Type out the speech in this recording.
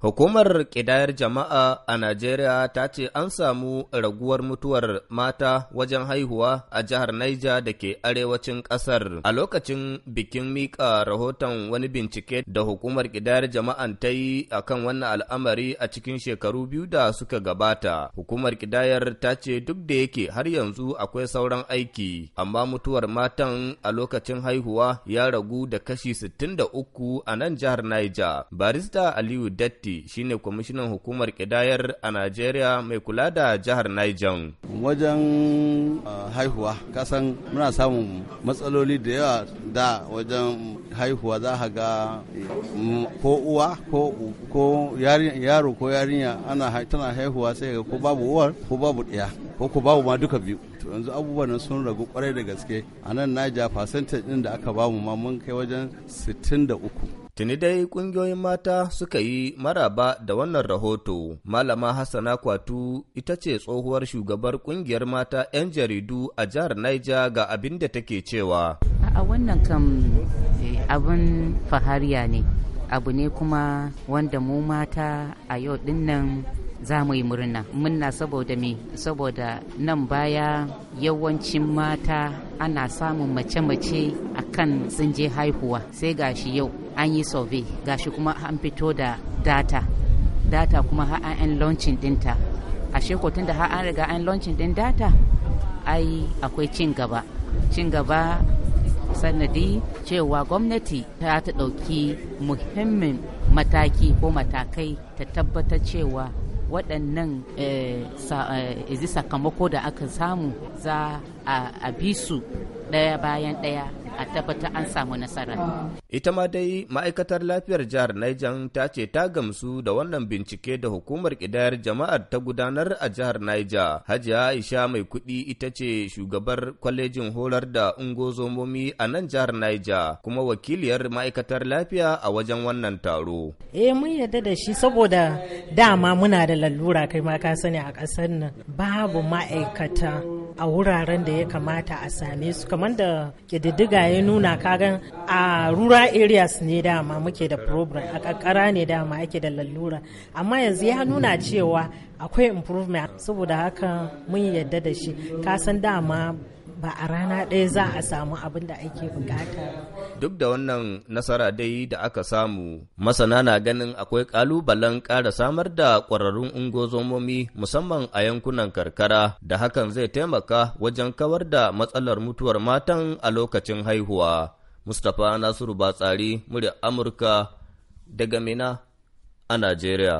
Hukumar ƙidayar jama'a a Najeriya ta ce an samu raguwar mutuwar mata wajen haihuwa a jihar Naija da ke arewacin ƙasar a lokacin bikin miƙa rahoton wani bincike da hukumar ƙidayar jama'a ta yi a kan wannan al'amari a cikin shekaru biyu da suka gabata. Hukumar ƙidayar ta ce duk da yake har yanzu akwai sauran aiki, amma mutuwar matan a lokacin haihuwa ya ragu da kashi 63 a nan jihar Naija. Barista Aliyu Datti Doki shine kwamishinan hukumar kidayar a Najeriya mai kula da jihar Niger. Wajen ah, haihuwa, kasan muna samun matsaloli da yawa da wajen haihuwa za a ga mm, ko uwa ko yaro ko yarinya ana tana haihuwa sai ga ko babu uwar ko babu ɗaya ko ko babu ma duka biyu to yanzu abubuwan sun ragu kwarai da gaske a nan naija percentage din da aka bamu ma mun kai wajen 63 Tuni dai ƙungiyoyin mata suka yi maraba da wannan rahoto. Malama Hassana Kwatu ita ce tsohuwar shugabar ƙungiyar mata 'yan jaridu a jihar Naija ga abin da take cewa. A wannan kam eh, abin fahariya ne. abu ne kuma wanda mu mata a yau dinnan za mu yi murna munna saboda me saboda nan baya yawancin mata ana samun mace-mace a kan je haihuwa sai gashi yau an yi survey gashi kuma an fito da data data kuma ha an launching dinta ashe shekotun da ha an riga an launching din data ai akwai cin gaba cin gaba sanadi cewa gwamnati ta ta ɗauki muhimmin mataki ko matakai ta tabbatar cewa waɗannan izi eh, eh, sakamako da aka samu za a bi su ɗaya bayan ɗaya a tabbata an samu nasara. Ita ma dai ma'aikatar lafiyar jihar Niger ta ce ta gamsu da wannan bincike da hukumar kidayar jama'ar ta gudanar a jihar Niger. Hajiya Aisha mai kuɗi ita ce shugabar kwalejin horar da ungozomomi a nan jihar Niger kuma wakiliyar ma'aikatar lafiya a wajen wannan taro. Eh mun yarda da shi saboda dama muna da lalura kai ma ka sani a ƙasar nan babu ma'aikata a wuraren da ya kamata a same su kamar da kididdiga ya nuna kagan a rural areas ne dama muke da program a kakara ne dama ake da lallura amma yanzu ya nuna cewa akwai improvement saboda haka mun yadda da shi kasan dama ba a rana ɗaya za a samu abin da ake bukata. Duk da wannan nasara dai da aka samu, masana na ganin akwai ƙalubalen ƙara samar da ƙwararrun ungozomomi musamman a yankunan karkara da hakan zai taimaka wajen kawar da matsalar mutuwar matan a lokacin haihuwa. Mustapha Nasiru Batsari, murya Amurka, daga Mina a Najeriya.